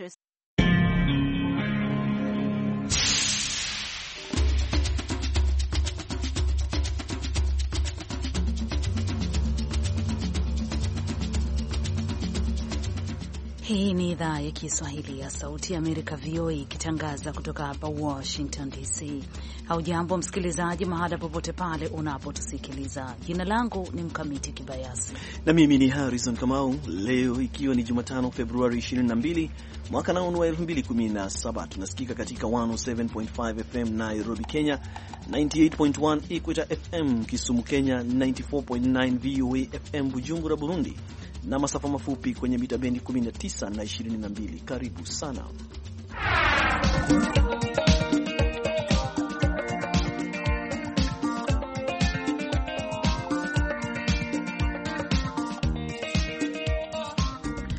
his Hii ni idhaa ya Kiswahili ya Sauti ya Amerika, VOA, ikitangaza kutoka hapa Washington DC. Haujambo msikilizaji, mahala popote pale unapotusikiliza. Jina langu ni Mkamiti Kibayasi na mimi ni Harrison Kamau. Leo ikiwa ni Jumatano, Februari 22 mwaka naunu wa 2017, tunasikika katika 107.5 FM Nairobi, Kenya, 98.1 Equator FM Kisumu, Kenya, 94.9 VOA FM Bujumbura, Burundi, na masafa mafupi kwenye mita bendi 19 na 22. Karibu sana.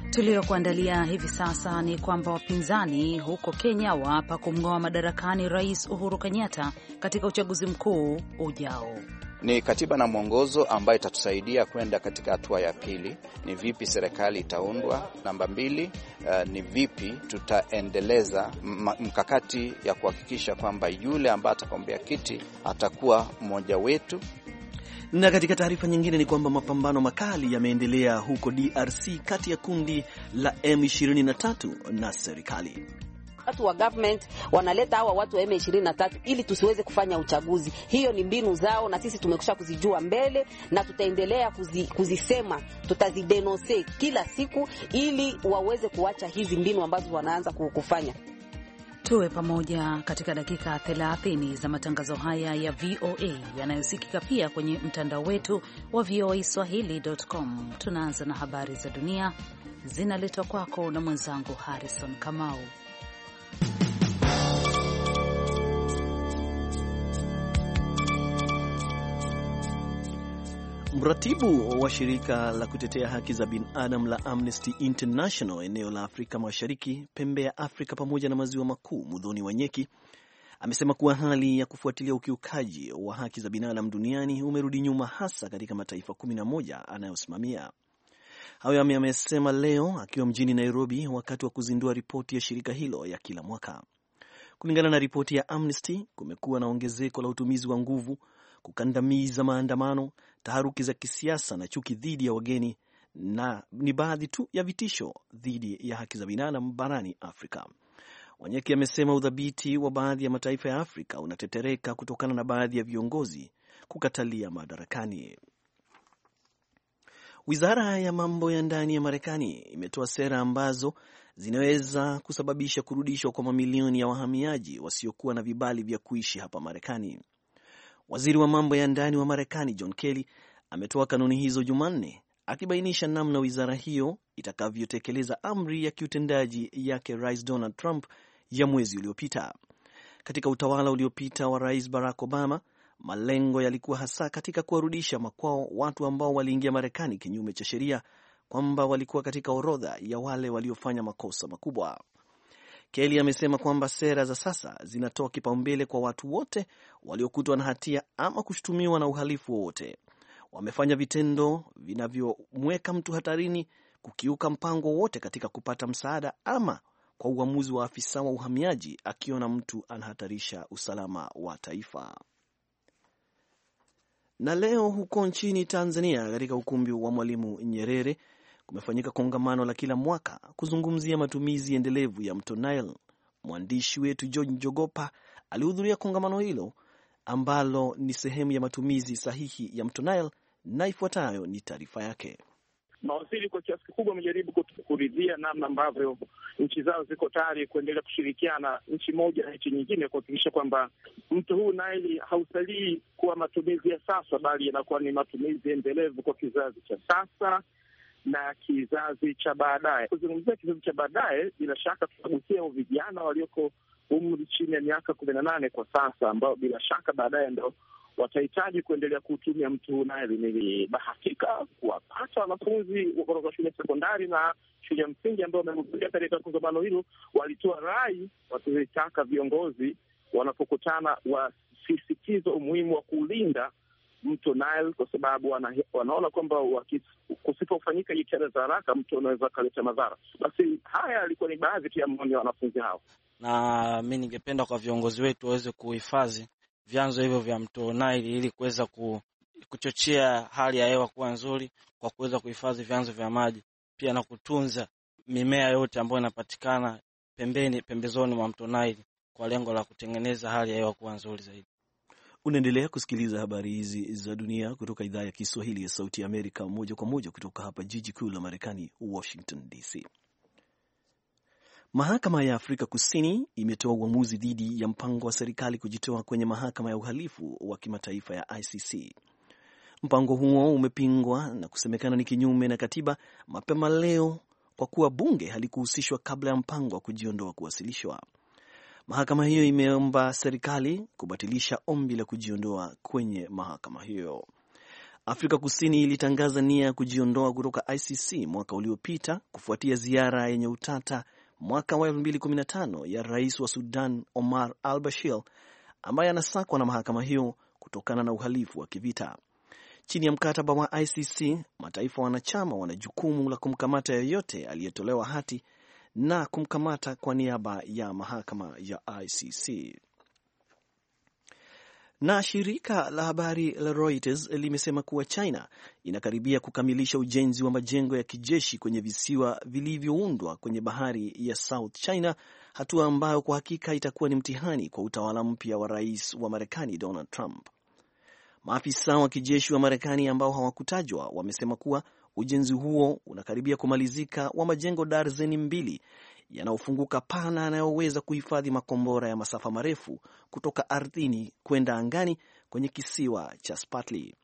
Tuliyokuandalia hivi sasa ni kwamba wapinzani huko Kenya waapa kumng'oa madarakani Rais Uhuru Kenyatta katika uchaguzi mkuu ujao. Ni katiba na mwongozo ambayo itatusaidia kwenda katika hatua ya pili, ni vipi serikali itaundwa. Namba mbili, uh, ni vipi tutaendeleza mkakati ya kuhakikisha kwamba yule ambaye atakombea kiti atakuwa mmoja wetu. Na katika taarifa nyingine ni kwamba mapambano makali yameendelea huko DRC kati ya kundi la M23 na serikali watu wa government wanaleta hawa watu wa M23 ili tusiweze kufanya uchaguzi. Hiyo ni mbinu zao, na sisi tumekusha kuzijua mbele na tutaendelea kuzi, kuzisema, tutazidenose kila siku ili waweze kuacha hizi mbinu ambazo wanaanza kufanya. Tuwe pamoja katika dakika 30 za matangazo haya ya VOA yanayosikika pia kwenye mtandao wetu wa voaswahili.com. Tunaanza na habari za dunia zinaletwa kwako na mwenzangu Harrison Kamau. Mratibu wa shirika la kutetea haki za binadamu la Amnesty International eneo la Afrika Mashariki, pembe ya Afrika pamoja na maziwa makuu, Mudhoni Wanyeki amesema kuwa hali ya kufuatilia ukiukaji wa haki za binadamu duniani umerudi nyuma, hasa katika mataifa 11 anayosimamia. Hayo amesema leo akiwa mjini Nairobi wakati wa kuzindua ripoti ya shirika hilo ya kila mwaka. Kulingana na ripoti ya Amnesty, kumekuwa na ongezeko la utumizi wa nguvu, kukandamiza maandamano, taharuki za kisiasa na chuki dhidi ya wageni, na ni baadhi tu ya vitisho dhidi ya haki za binadamu barani Afrika. Wanyeki amesema udhabiti wa baadhi ya mataifa ya Afrika unatetereka kutokana na baadhi ya viongozi kukatalia madarakani. Wizara ya mambo ya ndani ya Marekani imetoa sera ambazo zinaweza kusababisha kurudishwa kwa mamilioni ya wahamiaji wasiokuwa na vibali vya kuishi hapa Marekani. Waziri wa mambo ya ndani wa Marekani John Kelly ametoa kanuni hizo Jumanne, akibainisha namna wizara hiyo itakavyotekeleza amri ya kiutendaji yake Rais Donald Trump ya mwezi uliopita. Katika utawala uliopita wa Rais Barack Obama, Malengo yalikuwa hasa katika kuwarudisha makwao watu ambao waliingia Marekani kinyume cha sheria, kwamba walikuwa katika orodha ya wale waliofanya makosa makubwa. Kelly amesema kwamba sera za sasa zinatoa kipaumbele kwa watu wote waliokutwa na hatia ama kushutumiwa na uhalifu wowote, wamefanya vitendo vinavyomweka mtu hatarini, kukiuka mpango wowote katika kupata msaada ama kwa uamuzi wa afisa wa uhamiaji akiona mtu anahatarisha usalama wa taifa. Na leo huko nchini Tanzania, katika ukumbi wa Mwalimu Nyerere kumefanyika kongamano la kila mwaka kuzungumzia matumizi endelevu ya mto Nile. Mwandishi wetu George Njogopa alihudhuria kongamano hilo ambalo ni sehemu ya matumizi sahihi ya mto Nile, na ifuatayo ni taarifa yake mawaziri kwa kiasi kikubwa wamejaribu kuridhia namna ambavyo nchi zao ziko tayari kuendelea kushirikiana nchi moja na nchi nyingine kuhakikisha kwamba mto huu Naili hausalii kuwa matumizi ya sasa, bali yanakuwa ni matumizi endelevu kwa kizazi cha sasa na kizazi cha baadaye. Kuzungumzia kizazi cha baadaye, bila shaka tunagusia vijana walioko umri chini ya miaka kumi na nane kwa sasa, ambao bila shaka baadaye ndo watahitaji kuendelea kuutumia mtu naye. bahatika kuwapata wanafunzi kutoka shule ya sekondari na shule ya msingi ambayo wamehudhuria katika kongamano hilo, walitoa rai wakizitaka viongozi wanapokutana wasisitiza umuhimu wa kulinda mto Nile kwa sababu wana, wanaona kwamba kusipofanyika jitihada za haraka mtu unaweza kaleta madhara. Basi haya yalikuwa ni baadhi tu ya maoni ya wanafunzi hao, na mi ningependa kwa viongozi wetu waweze kuhifadhi vyanzo hivyo vya mto Nile ili kuweza kuchochea hali ya hewa kuwa nzuri kwa kuweza kuhifadhi vyanzo vya maji pia na kutunza mimea yote ambayo inapatikana pembeni pembezoni mwa mto Nile kwa lengo la kutengeneza hali ya hewa kuwa nzuri zaidi. Unaendelea kusikiliza habari hizi za dunia kutoka idhaa ya Kiswahili ya Sauti ya Amerika, moja kwa moja kutoka hapa jiji kuu la Marekani, Washington DC. Mahakama ya Afrika Kusini imetoa uamuzi dhidi ya mpango wa serikali kujitoa kwenye mahakama ya uhalifu wa kimataifa ya ICC. Mpango huo umepingwa na kusemekana ni kinyume na katiba mapema leo kwa kuwa bunge halikuhusishwa kabla ya mpango wa kujiondoa kuwasilishwa. Mahakama hiyo imeomba serikali kubatilisha ombi la kujiondoa kwenye mahakama hiyo. Afrika Kusini ilitangaza nia ya kujiondoa kutoka ICC mwaka uliopita kufuatia ziara yenye utata mwaka wa 2015 ya rais wa Sudan Omar al Bashir, ambaye anasakwa na mahakama hiyo kutokana na uhalifu wa kivita. Chini ya mkataba wa ICC, mataifa wanachama wana jukumu la kumkamata yeyote aliyetolewa hati na kumkamata kwa niaba ya mahakama ya ICC. Na shirika la habari la Reuters limesema kuwa China inakaribia kukamilisha ujenzi wa majengo ya kijeshi kwenye visiwa vilivyoundwa kwenye bahari ya South China, hatua ambayo kwa hakika itakuwa ni mtihani kwa utawala mpya wa rais wa Marekani Donald Trump. Maafisa wa kijeshi wa Marekani ambao hawakutajwa wamesema kuwa ujenzi huo unakaribia kumalizika wa majengo darzeni mbili yanayofunguka pana yanayoweza kuhifadhi makombora ya masafa marefu kutoka ardhini kwenda angani kwenye kisiwa cha Spratly.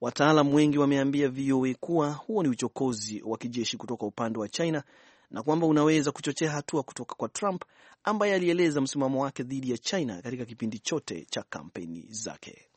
Wataalam wengi wameambia VOA kuwa huo ni uchokozi wa kijeshi kutoka upande wa China na kwamba unaweza kuchochea hatua kutoka kwa Trump ambaye alieleza msimamo wake dhidi ya China katika kipindi chote cha kampeni zake.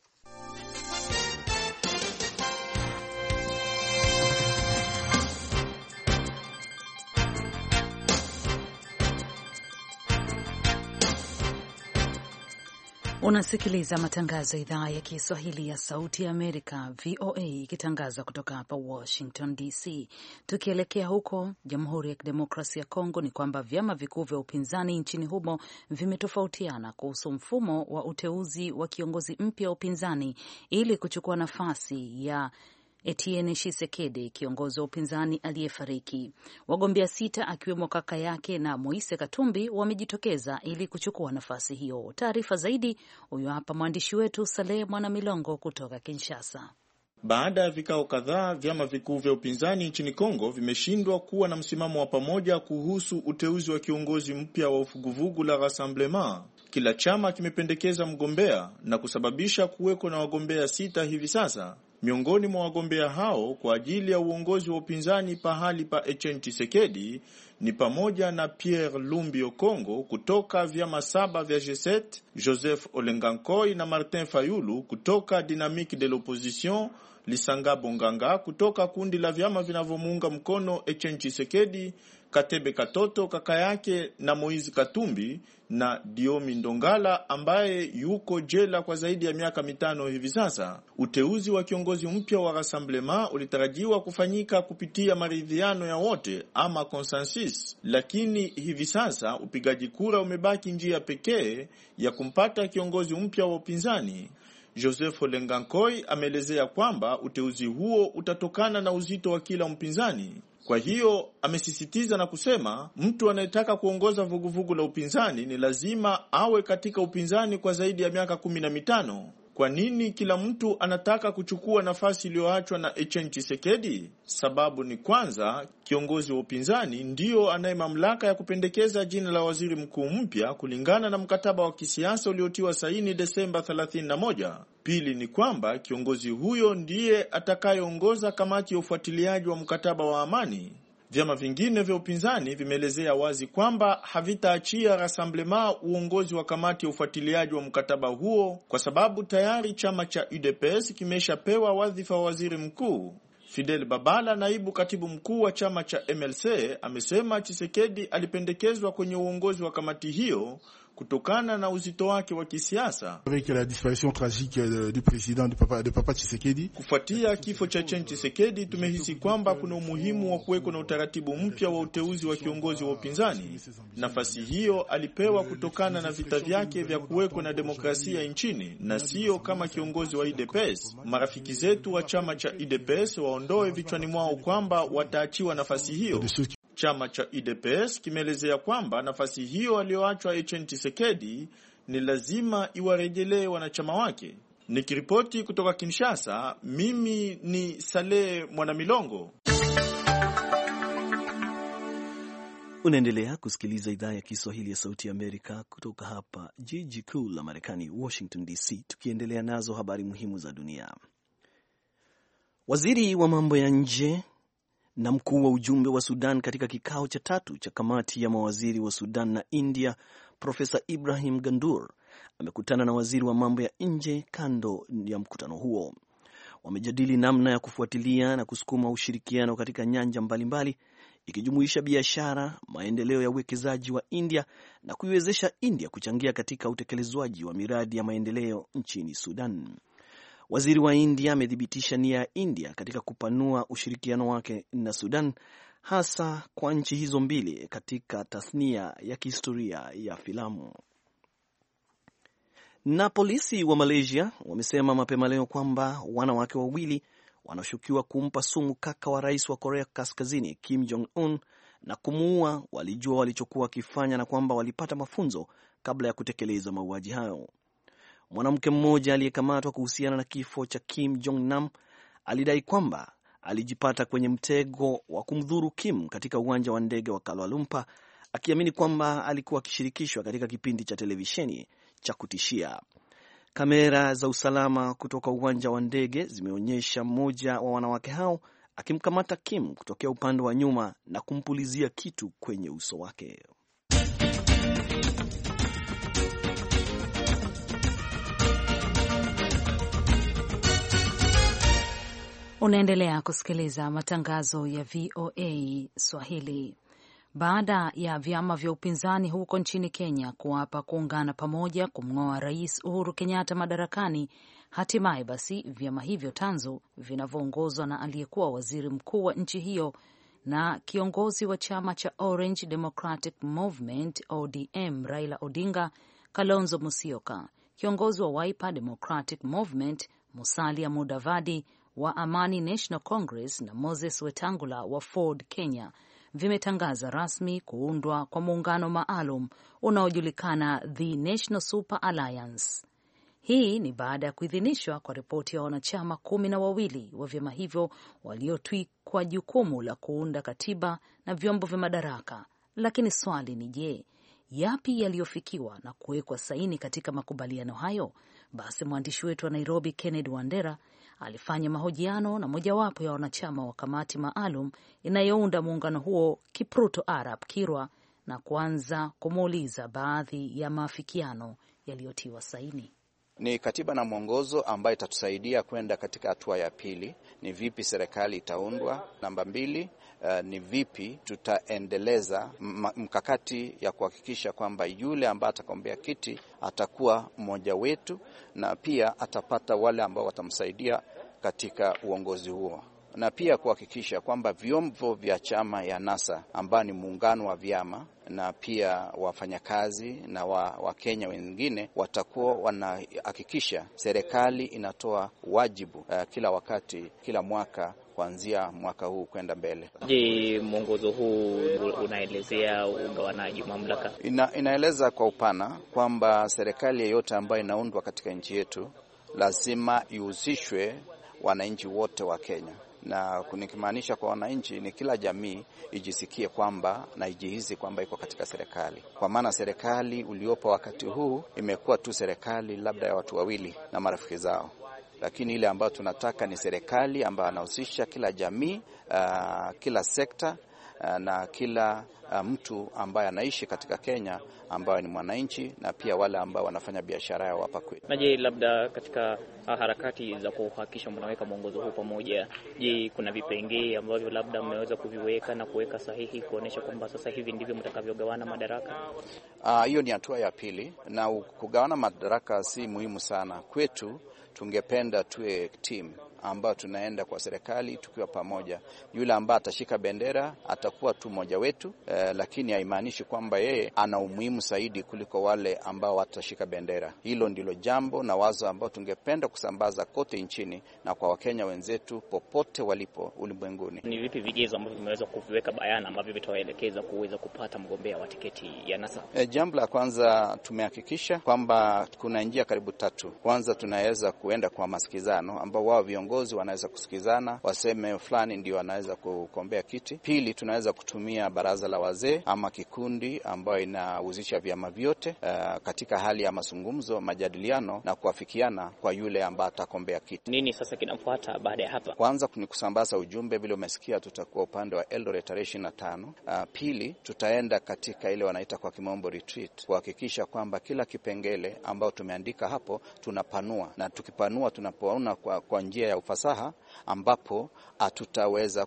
Unasikiliza matangazo ya idhaa ya Kiswahili ya Sauti ya Amerika, VOA, ikitangaza kutoka hapa Washington DC. Tukielekea huko Jamhuri ya Kidemokrasia ya Kongo, ni kwamba vyama vikuu vya upinzani nchini humo vimetofautiana kuhusu mfumo wa uteuzi wa kiongozi mpya wa upinzani ili kuchukua nafasi ya Etienne Tshisekedi, kiongozi wa upinzani aliyefariki. Wagombea sita akiwemo kaka yake na Moise Katumbi wamejitokeza ili kuchukua nafasi hiyo. Taarifa zaidi huyo hapa mwandishi wetu saleh Mwanamilongo kutoka Kinshasa. Baada ya vikao kadhaa, vyama vikuu vya upinzani nchini Kongo vimeshindwa kuwa na msimamo wa pamoja kuhusu uteuzi wa kiongozi mpya wa ufuguvugu la Rassemblement. Kila chama kimependekeza mgombea na kusababisha kuweko na wagombea sita hivi sasa miongoni mwa wagombea hao kwa ajili ya uongozi wa upinzani pahali pa Etienne Tshisekedi ni pamoja na Pierre Lumbi Okongo kutoka vyama saba vya G7, Joseph Olengankoi na Martin Fayulu kutoka Dynamique de l'Opposition, Lisanga Bonganga kutoka kundi la vyama vinavyomuunga mkono Etienne Tshisekedi Katebe Katoto kaka yake na Moizi Katumbi na Diomi Ndongala ambaye yuko jela kwa zaidi ya miaka mitano hivi sasa. Uteuzi wa kiongozi mpya wa Rassemblement ulitarajiwa kufanyika kupitia maridhiano ya wote ama consensus, lakini hivi sasa upigaji kura umebaki njia pekee ya kumpata kiongozi mpya wa upinzani. Joseph Olengankoi ameelezea kwamba uteuzi huo utatokana na uzito wa kila mpinzani. Kwa hiyo amesisitiza na kusema mtu anayetaka kuongoza vuguvugu la upinzani ni lazima awe katika upinzani kwa zaidi ya miaka kumi na mitano kwa nini kila mtu anataka kuchukua nafasi iliyoachwa na Etienne Tshisekedi? Sababu ni kwanza, kiongozi wa upinzani ndiyo anaye mamlaka ya kupendekeza jina la waziri mkuu mpya kulingana na mkataba wa kisiasa uliotiwa saini Desemba 31. Pili ni kwamba kiongozi huyo ndiye atakayeongoza kamati ya ufuatiliaji wa mkataba wa amani Vyama vingine vya upinzani vimeelezea wazi kwamba havitaachia Rassemblement uongozi wa kamati ya ufuatiliaji wa mkataba huo kwa sababu tayari chama cha UDPS kimeshapewa wadhifa wa waziri mkuu. Fidel Babala, naibu katibu mkuu wa chama cha MLC, amesema Chisekedi alipendekezwa kwenye uongozi wa kamati hiyo kutokana na uzito wake wa kisiasa avec la disparition tragique euh, du président de papa de papa Tshisekedi. Kufuatia kifo cha Chen Tshisekedi, tumehisi kwamba kuna umuhimu wa kuweko na utaratibu mpya wa uteuzi wa kiongozi wa upinzani. Nafasi hiyo alipewa kutokana na vita vyake vya kuweko na demokrasia nchini na sio kama kiongozi wa UDPS. Marafiki zetu wa chama cha UDPS waondoe vichwani mwao kwamba wataachiwa nafasi hiyo. Chama cha UDPS kimeelezea kwamba nafasi hiyo aliyoachwa Etienne Tshisekedi ni lazima iwarejelee wanachama wake. Nikiripoti kutoka Kinshasa, mimi ni Saleh Mwanamilongo. Unaendelea kusikiliza idhaa ya Kiswahili ya Sauti ya Amerika kutoka hapa jiji kuu la Marekani, Washington DC, tukiendelea nazo habari muhimu za dunia. Waziri wa mambo ya nje na mkuu wa ujumbe wa Sudan katika kikao cha tatu cha kamati ya mawaziri wa Sudan na India, Profesa Ibrahim Gandur amekutana na waziri wa mambo ya nje. Kando ya mkutano huo, wamejadili namna ya kufuatilia na kusukuma ushirikiano katika nyanja mbalimbali, ikijumuisha biashara, maendeleo ya uwekezaji wa India na kuiwezesha India kuchangia katika utekelezwaji wa miradi ya maendeleo nchini Sudan. Waziri wa India amethibitisha nia ya India katika kupanua ushirikiano wake na Sudan, hasa kwa nchi hizo mbili katika tasnia ya kihistoria ya filamu. Na polisi wa Malaysia wamesema mapema leo kwamba wanawake wawili wanaoshukiwa kumpa sumu kaka wa rais wa Korea Kaskazini Kim Jong Un na kumuua walijua walichokuwa wakifanya na kwamba walipata mafunzo kabla ya kutekeleza mauaji hayo mwanamke mmoja aliyekamatwa kuhusiana na kifo cha Kim Jong Nam alidai kwamba alijipata kwenye mtego wa kumdhuru Kim katika uwanja wa ndege wa Kuala Lumpur akiamini kwamba alikuwa akishirikishwa katika kipindi cha televisheni cha kutishia. Kamera za usalama kutoka uwanja wa ndege zimeonyesha mmoja wa wanawake hao akimkamata Kim kutokea upande wa nyuma na kumpulizia kitu kwenye uso wake. Unaendelea kusikiliza matangazo ya VOA Swahili. Baada ya vyama vya upinzani huko nchini Kenya kuapa kuungana pamoja kumng'oa Rais Uhuru Kenyatta madarakani, hatimaye basi vyama hivyo tanzu vinavyoongozwa na aliyekuwa waziri mkuu wa nchi hiyo na kiongozi wa chama cha Orange Democratic Movement ODM Raila Odinga, Kalonzo Musyoka, kiongozi wa Wiper Democratic Movement Musalia Mudavadi wa Amani National Congress na Moses Wetangula wa Ford, Kenya vimetangaza rasmi kuundwa kwa muungano maalum unaojulikana The National Super Alliance. Hii ni baada ya kuidhinishwa kwa ripoti ya wanachama kumi na wawili wa vyama hivyo waliotwikwa jukumu la kuunda katiba na vyombo vya madaraka. Lakini swali ni je, yapi yaliyofikiwa na kuwekwa saini katika makubaliano hayo? Basi mwandishi wetu wa Nairobi, Kennedy Wandera, alifanya mahojiano na mojawapo ya wanachama wa kamati maalum inayounda muungano huo Kipruto Arab Kirwa na kuanza kumuuliza baadhi ya maafikiano yaliyotiwa saini. Ni katiba na mwongozo ambayo itatusaidia kwenda katika hatua ya pili, ni vipi serikali itaundwa. Namba mbili, uh, ni vipi tutaendeleza mkakati ya kuhakikisha kwamba yule ambaye atakombea kiti atakuwa mmoja wetu na pia atapata wale ambao watamsaidia katika uongozi huo na pia kuhakikisha kwamba vyombo vya chama ya NASA ambayo ni muungano wa vyama na pia wafanyakazi na Wakenya wa wengine watakuwa wanahakikisha serikali inatoa wajibu uh, kila wakati, kila mwaka kuanzia mwaka huu kwenda mbele. Je, mwongozo huu unaelezea ugawanaji mamlaka? Ina, inaeleza kwa upana kwamba serikali yeyote ambayo inaundwa katika nchi yetu lazima ihusishwe wananchi wote wa Kenya na nikimaanisha kwa wananchi ni kila jamii ijisikie kwamba na ijihisi kwamba iko katika serikali, kwa maana serikali uliopo wakati huu imekuwa tu serikali labda ya watu wawili na marafiki zao, lakini ile ambayo tunataka ni serikali ambayo anahusisha kila jamii, uh, kila sekta Eh, na kila eh, mtu ambaye anaishi katika Kenya ambaye ni mwananchi na pia wale ambao wanafanya biashara yao hapa kwetu. Na je, labda katika ah, harakati za kuhakikisha mnaweka mwongozo huu pamoja, je, kuna vipengee ambavyo labda mmeweza kuviweka na kuweka sahihi kuonyesha kwamba sasa hivi ndivyo mtakavyogawana madaraka? Ah, hiyo ni hatua ya pili, na kugawana madaraka si muhimu sana kwetu. Tungependa tuwe team ambayo tunaenda kwa serikali tukiwa pamoja. Yule ambaye atashika bendera atakuwa tu mmoja wetu eh, lakini haimaanishi kwamba yeye ana umuhimu zaidi kuliko wale ambao watashika bendera. Hilo ndilo jambo na wazo ambao tungependa kusambaza kote nchini na kwa Wakenya wenzetu popote walipo ulimwenguni. Ni vipi vigezo ambavyo vimeweza kuviweka bayana ambavyo vitawaelekeza kuweza kupata mgombea wa tiketi ya NASA? Eh, jambo la kwanza tumehakikisha kwamba kuna njia karibu tatu. Kwanza tunaweza kuenda kwa masikizano ambao wao viongozi viongozi wanaweza kusikizana, waseme fulani ndio anaweza kukombea kiti. Pili, tunaweza kutumia baraza la wazee ama kikundi ambayo inahusisha vyama vyote uh, katika hali ya mazungumzo, majadiliano na kuafikiana kwa yule ambaye atakombea kiti. Nini sasa kinafuata baada ya hapa? Kwanza ni kusambaza ujumbe, vile umesikia, tutakuwa upande wa Eldoret tarehe ishirini na tano. Uh, pili, tutaenda katika ile wanaita kwa kimombo retreat kuhakikisha kwamba kila kipengele ambayo tumeandika hapo tunapanua, na tukipanua tunapoona kwa, kwa njia ya ufasaha ambapo hatutaweza ah,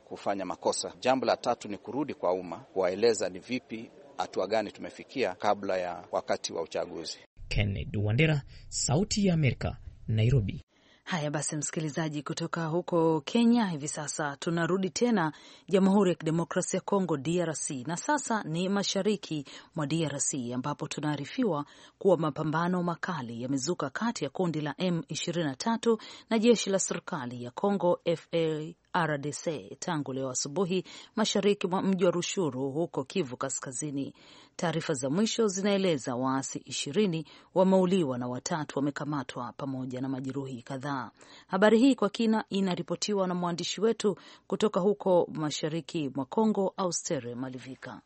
kufanya makosa. Jambo la tatu ni kurudi kwa umma kuwaeleza ni vipi, hatua gani tumefikia kabla ya wakati wa uchaguzi. Kennedy Wandera, Sauti ya Amerika, Nairobi. Haya basi, msikilizaji kutoka huko Kenya, hivi sasa tunarudi tena Jamhuri ya kidemokrasia ya Kongo, DRC, na sasa ni mashariki mwa DRC ambapo tunaarifiwa kuwa mapambano makali yamezuka kati ya kundi la M23 na jeshi la serikali ya Kongo FA RDC tangu leo asubuhi mashariki mwa mji wa Rushuru huko Kivu Kaskazini. Taarifa za mwisho zinaeleza waasi ishirini wameuliwa na watatu wamekamatwa pamoja na majeruhi kadhaa. Habari hii kwa kina inaripotiwa na mwandishi wetu kutoka huko mashariki mwa Kongo, Austere Malivika.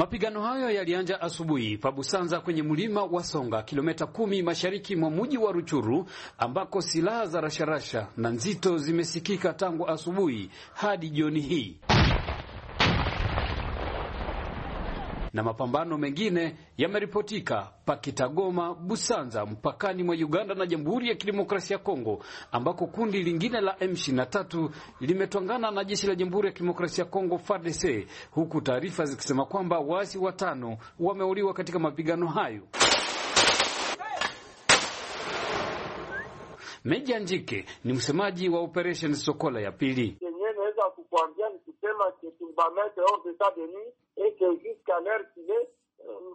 Mapigano hayo yalianza asubuhi pa Busanza kwenye mlima wa Songa, kilomita kumi mashariki mwa mji wa Ruchuru, ambako silaha za rasharasha na nzito zimesikika tangu asubuhi hadi jioni hii. na mapambano mengine yameripotika Pakitagoma, Busanza, mpakani mwa Uganda na Jamhuri ya Kidemokrasia ya Kongo, ambako kundi lingine la M23 limetwangana na jeshi la Jamhuri ya Kidemokrasia ya Kongo FARDC, huku taarifa zikisema kwamba waasi watano wameuliwa katika mapigano hayo. Meja Njike ni msemaji wa Operation Sokola ya pili. Yenyewe naweza kukuambia ni kusema et que jusqu'à l'heure qu'il est,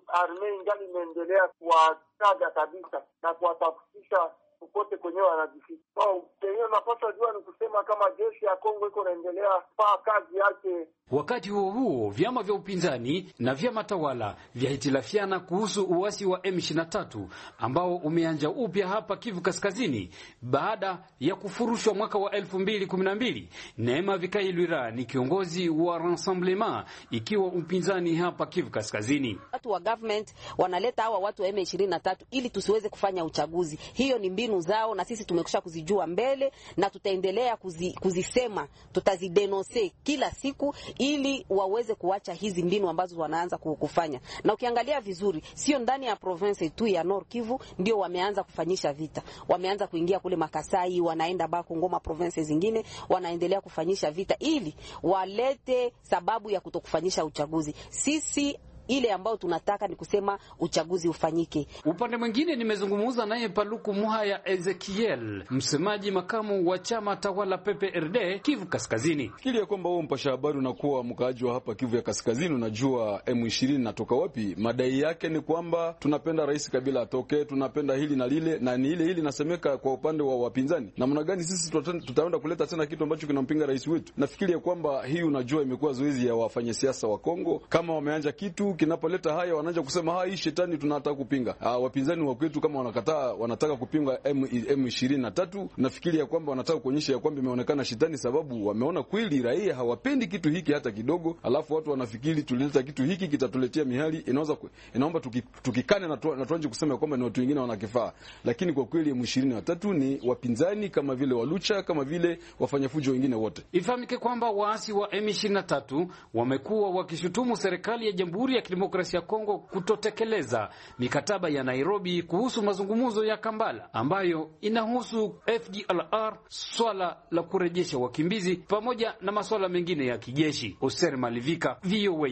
armee ingali imeendelea kuwataga kabisa na kuwatafusisha popote kwenyewe wanajificha. So, Penyewe napaswa jua ni kusema kama jeshi ya Kongo iko naendelea faa kazi yake. Wakati huo huo, vyama vya upinzani na vyama tawala vyahitilafiana kuhusu uasi wa M23 ambao umeanja upya hapa Kivu Kaskazini baada ya kufurushwa mwaka wa 2012. Neema Vikai Lwira ni kiongozi wa Rassemblement ikiwa upinzani hapa Kivu Kaskazini. Watu wa government wanaleta hawa watu wa M23 ili tusiweze kufanya uchaguzi. Hiyo ni mbili mbinu zao, na sisi tumekusha kuzijua mbele na tutaendelea kuzi, kuzisema, tutazidenonse kila siku ili waweze kuacha hizi mbinu ambazo wanaanza kufanya. Na ukiangalia vizuri, sio ndani ya province tu ya North Kivu ndio wameanza kufanyisha vita, wameanza kuingia kule Makasai, wanaenda bako Ngoma, province zingine wanaendelea kufanyisha vita ili walete sababu ya kutokufanyisha uchaguzi. Sisi ile ambayo tunataka ni kusema uchaguzi ufanyike. Upande mwingine, nimezungumza naye Paluku ya Ezekiel, msemaji makamu wa chama tawala PPRD Kivu Kaskazini. Fikiri ya kwamba huo mpasha habari unakuwa mkaaji wa hapa Kivu ya Kaskazini, unajua M20 natoka wapi? Madai yake ni kwamba tunapenda Rais Kabila atoke, tunapenda hili na lile na ni ile ile inasemeka kwa upande wa wapinzani. Namna gani sisi tutaenda kuleta tena kitu ambacho kinampinga rais wetu? Nafikiri ya kwamba hii, unajua, imekuwa zoezi ya wafanya siasa wa Kongo, kama wameanja kitu kinapoleta haya wanaanza kusema ha, hii shetani tunataka kupinga. Ah, wapinzani wa kwetu kama wanakataa wanataka kupinga M23, nafikiri ya kwamba wanataka kuonyesha ya kwamba imeonekana shetani, sababu wameona kweli raia hawapendi kitu hiki hata kidogo, alafu watu wanafikiri tulileta kitu hiki kitatuletea mihali, inaweza inaomba tukikane na tuanze kusema kwamba ni watu wengine wanakifaa, lakini kwa kweli M23 ni wapinzani kama vile walucha kama vile wafanyafujo wengine wote. Ifahamike kwamba waasi wa M23 wamekuwa wakishutumu serikali ya Jamhuri ya Kidemokrasia ya Kongo kutotekeleza mikataba ya Nairobi kuhusu mazungumzo ya kambala ambayo inahusu FDLR, swala la kurejesha wakimbizi pamoja na masuala mengine ya kijeshi. Oser Malivika, VOA.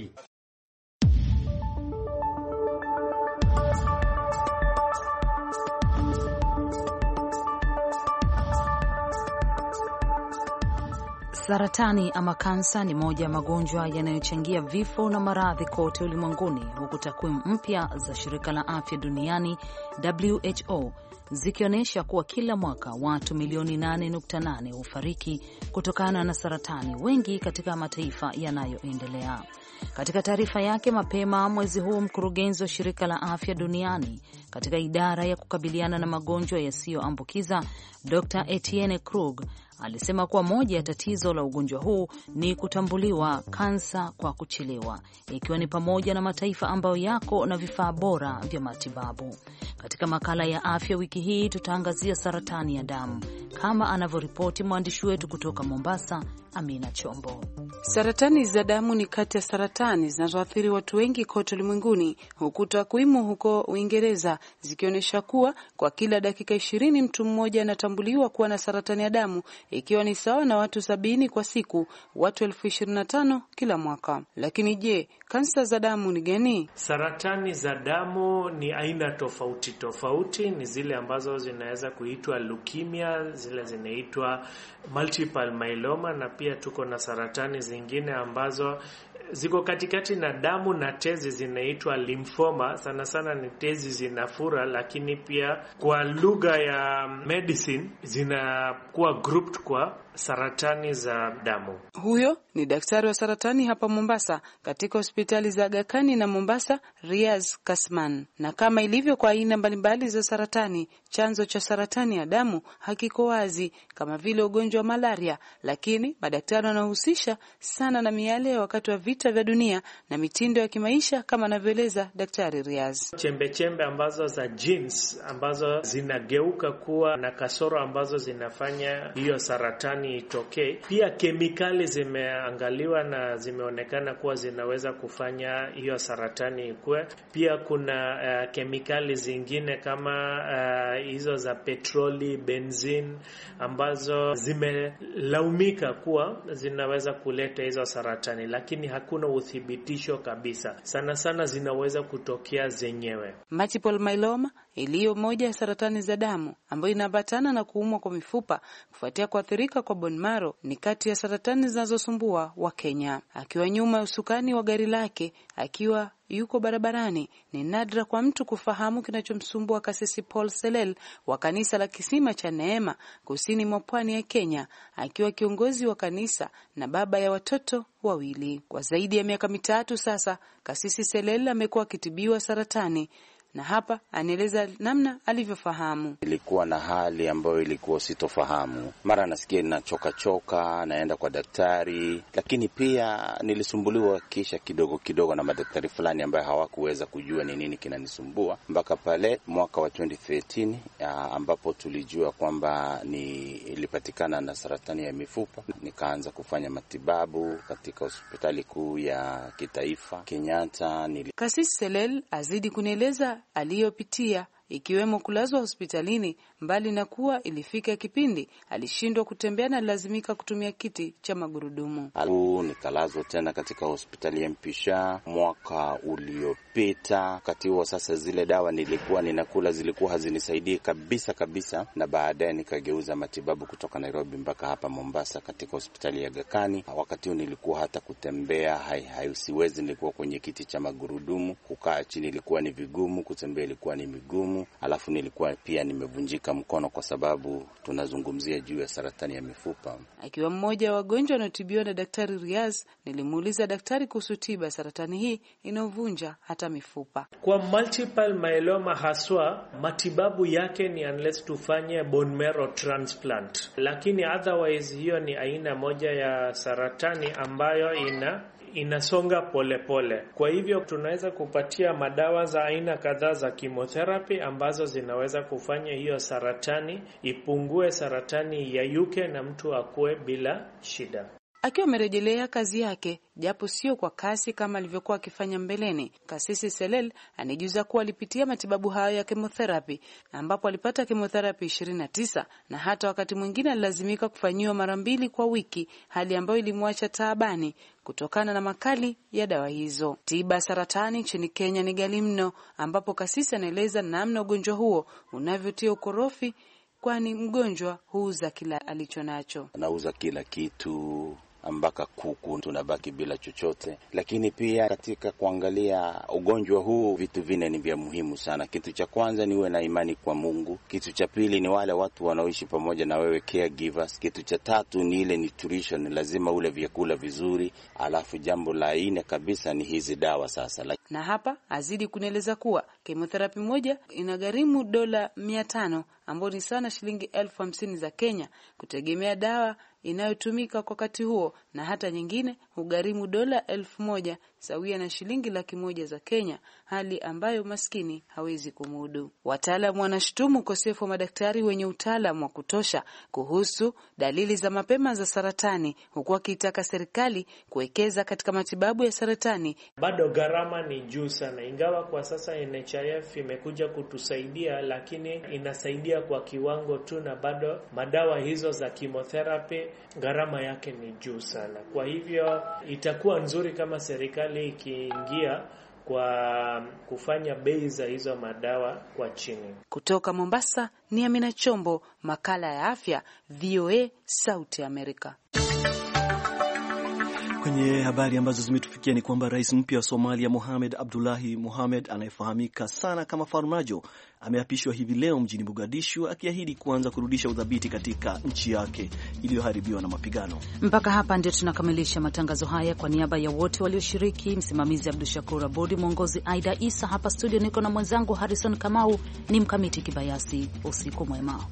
Saratani ama kansa ni moja ya magonjwa yanayochangia vifo na maradhi kote ulimwenguni, huku takwimu mpya za shirika la afya duniani WHO zikionyesha kuwa kila mwaka watu milioni 8.8 hufariki kutokana na saratani, wengi katika mataifa yanayoendelea. Katika taarifa yake mapema mwezi huu, mkurugenzi wa shirika la afya duniani katika idara ya kukabiliana na magonjwa yasiyoambukiza Dr Etienne Krug alisema kuwa moja ya tatizo la ugonjwa huu ni kutambuliwa kansa kwa kuchelewa, ikiwa ni pamoja na mataifa ambayo yako na vifaa bora vya matibabu. Katika makala ya afya wiki hii tutaangazia saratani ya damu kama anavyoripoti mwandishi wetu kutoka Mombasa, Amina Chombo. Saratani za damu ni kati ya saratani zinazoathiri watu wengi kote ulimwenguni, huku takwimu huko Uingereza zikionyesha kuwa kwa kila dakika ishirini mtu mmoja anatambuliwa kuwa na saratani ya damu, ikiwa ni sawa na watu sabini kwa siku, watu elfu ishirini na tano kila mwaka. Lakini je, kansa za damu ni gani? Saratani za damu ni aina tofauti tofauti, ni zile ambazo zinaweza kuitwa leukemia, zile zinaitwa multiple myeloma, na pia tuko na saratani zingine ambazo ziko katikati na damu na tezi zinaitwa lymphoma. Sana sana ni tezi zinafura, lakini pia kwa lugha ya medicine zinakuwa grouped kwa saratani za damu. Huyo ni daktari wa saratani hapa Mombasa, katika hospitali za gakani na Mombasa, Riaz Kasman. Na kama ilivyo kwa aina mbalimbali za saratani, chanzo cha saratani ya damu hakiko wazi, kama vile ugonjwa wa malaria, lakini madaktari wanahusisha sana na miale ya wakati wa vita vya dunia na mitindo ya kimaisha, kama anavyoeleza daktari Riaz. Chembe chembe ambazo za genes ambazo zinageuka kuwa na kasoro ambazo zinafanya hiyo saratani fulani itokee. Pia kemikali zimeangaliwa na zimeonekana kuwa zinaweza kufanya hiyo saratani ikue. Pia kuna uh, kemikali zingine kama uh, hizo za petroli, benzin ambazo zimelaumika kuwa zinaweza kuleta hizo saratani, lakini hakuna uthibitisho kabisa. Sana sana zinaweza kutokea zenyewe. Multiple myeloma iliyo moja ya saratani za damu ambayo inaambatana na kuumwa kwa mifupa kufuatia kuathirika kwa bone marrow, ni kati ya saratani zinazosumbua wa kenya Akiwa nyuma ya usukani wa gari lake akiwa yuko barabarani, ni nadra kwa mtu kufahamu kinachomsumbua Kasisi Paul Selel wa kanisa la Kisima cha Neema kusini mwa pwani ya Kenya, akiwa kiongozi wa kanisa na baba ya watoto wawili. Kwa zaidi ya miaka mitatu sasa, Kasisi Selel amekuwa akitibiwa saratani na hapa anaeleza namna alivyofahamu. Ilikuwa na hali ambayo ilikuwa sitofahamu, mara nasikia ninachokachoka, naenda kwa daktari, lakini pia nilisumbuliwa kisha kidogo kidogo na madaktari fulani ambayo hawakuweza kujua ni nini kinanisumbua mpaka pale mwaka wa 2013 ambapo tulijua kwamba ni ilipatikana na saratani ya mifupa. Nikaanza kufanya matibabu katika hospitali kuu ya kitaifa Kenyatta. Kasisi Selel azidi kunieleza aliyopitia ikiwemo kulazwa hospitalini, mbali na kuwa ilifika kipindi alishindwa kutembea na lazimika kutumia kiti cha magurudumu. nikalazwa tena katika hospitali ya Mpisha mwaka uliopita. Wakati huo sasa, zile dawa nilikuwa ninakula zilikuwa hazinisaidii kabisa kabisa, na baadaye nikageuza matibabu kutoka Nairobi mpaka hapa Mombasa katika hospitali ya Gakani. Wakati huo nilikuwa hata kutembea haisiwezi hai, nilikuwa kwenye kiti cha magurudumu, kukaa chini ilikuwa ni vigumu, kutembea ilikuwa ni migumu damu, alafu nilikuwa pia nimevunjika mkono, kwa sababu tunazungumzia juu ya saratani ya mifupa. Akiwa mmoja wa wagonjwa wanaotibiwa na Daktari Riaz, nilimuuliza daktari kuhusu tiba saratani hii inayovunja hata mifupa. Kwa multiple myeloma haswa, matibabu yake ni unless tufanye bone marrow transplant, lakini otherwise hiyo ni aina moja ya saratani ambayo ina inasonga polepole pole. Kwa hivyo tunaweza kupatia madawa za aina kadhaa za chemotherapy ambazo zinaweza kufanya hiyo saratani ipungue, saratani ya yuke na mtu akuwe bila shida. Akiwa amerejelea kazi yake japo sio kwa kasi kama alivyokuwa akifanya mbeleni, Kasisi Selel anajuza kuwa alipitia matibabu hayo ya kemotherapi, ambapo alipata kemotherapi 29 na hata wakati mwingine alilazimika kufanyiwa mara mbili kwa wiki, hali ambayo ilimwacha taabani kutokana na makali ya dawa hizo. Tiba saratani nchini Kenya ni ghali mno, ambapo kasisi anaeleza namna ugonjwa huo unavyotia ukorofi, kwani mgonjwa huuza kila alicho nacho. Anauza kila kitu mpaka kuku tunabaki bila chochote. Lakini pia katika kuangalia ugonjwa huu, vitu vine ni vya muhimu sana. Kitu cha kwanza ni uwe na imani kwa Mungu. Kitu cha pili ni wale watu wanaoishi pamoja na wewe, caregivers. Kitu cha tatu ni ile nutrition, lazima ule vyakula vizuri. Alafu jambo la nne kabisa ni hizi dawa sasa. Na hapa azidi kunieleza kuwa kemotherapi moja inagharimu dola mia tano ambayo ni sawa na shilingi elfu hamsini za Kenya kutegemea dawa inayotumika kwa wakati huo, na hata nyingine hugharimu dola elfu moja sawia na shilingi laki moja za Kenya, hali ambayo maskini hawezi kumudu. Wataalamu wanashutumu ukosefu wa madaktari wenye utaalamu wa kutosha kuhusu dalili za mapema za saratani, huku wakiitaka serikali kuwekeza katika matibabu ya saratani. Bado gharama ni juu sana, ingawa kwa sasa NHIF imekuja kutusaidia, lakini inasaidia kwa kiwango tu, na bado madawa hizo za kimotherapi gharama yake ni juu sana. Kwa hivyo itakuwa nzuri kama serikali serikali ikiingia kwa kufanya bei za hizo madawa kwa chini. Kutoka Mombasa ni Amina Chombo, makala ya afya, VOA, Sauti ya Amerika. Kwenye habari ambazo zimetufikia ni kwamba rais mpya wa Somalia Mohamed Abdullahi Mohamed anayefahamika sana kama Farmajo ameapishwa hivi leo mjini Mogadishu akiahidi kuanza kurudisha udhabiti katika nchi yake iliyoharibiwa na mapigano. Mpaka hapa ndio tunakamilisha matangazo haya. Kwa niaba ya wote walioshiriki, msimamizi Abdu Shakur Abodi, mwongozi Aida Isa, hapa studio niko na mwenzangu Harrison Kamau, ni Mkamiti Kibayasi. Usiku mwema.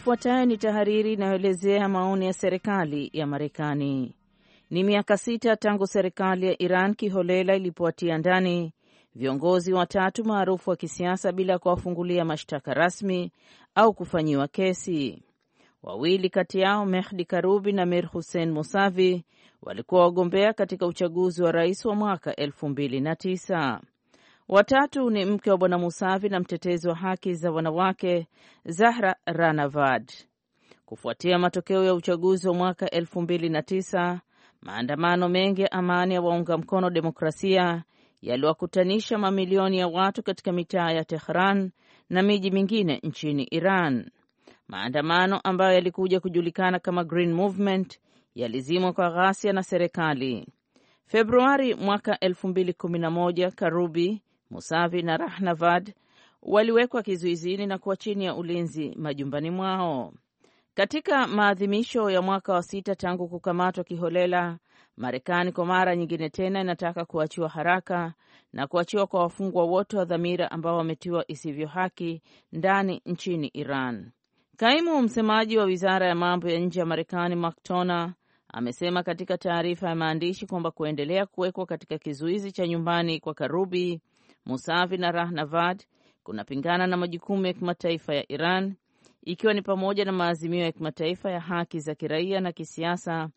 Ifuatayo ni tahariri inayoelezea maoni ya serikali ya Marekani. Ni miaka sita tangu serikali ya Iran kiholela ilipowatia ndani viongozi watatu maarufu wa kisiasa bila kuwafungulia mashtaka rasmi au kufanyiwa kesi. Wawili kati yao, Mehdi Karubi na Mir Hussein Musavi, walikuwa wagombea katika uchaguzi wa rais wa mwaka 2009. Watatu ni mke wa bwana Musavi na mtetezi wa haki za wanawake Zahra Ranavad. Kufuatia matokeo ya uchaguzi wa mwaka 2009 maandamano mengi ya amani ya waunga mkono demokrasia yaliwakutanisha mamilioni ya watu katika mitaa ya Tehran na miji mingine nchini Iran. Maandamano ambayo yalikuja kujulikana kama Green Movement yalizimwa kwa ghasia na serikali. Februari mwaka 2011, Karubi Musavi na Rahnavad waliwekwa kizuizini na kuwa chini ya ulinzi majumbani mwao. Katika maadhimisho ya mwaka wa sita tangu kukamatwa kiholela, Marekani kwa mara nyingine tena inataka kuachiwa haraka na kuachiwa kwa wafungwa wote wa dhamira ambao wametiwa isivyo haki ndani nchini Iran. Kaimu msemaji wa wizara ya mambo ya nje ya Marekani Mactona amesema katika taarifa ya maandishi kwamba kuendelea kuwekwa katika kizuizi cha nyumbani kwa Karubi Musavi na Rahnavad kunapingana na majukumu ya kimataifa ya Iran ikiwa ni pamoja na maazimio ya kimataifa ya haki za kiraia na kisiasa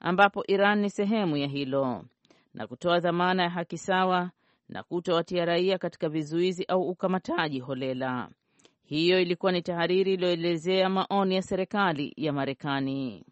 ambapo Iran ni sehemu ya hilo na kutoa dhamana ya haki sawa na kutowatia raia katika vizuizi au ukamataji holela. Hiyo ilikuwa ni tahariri iliyoelezea maoni ya serikali ya Marekani.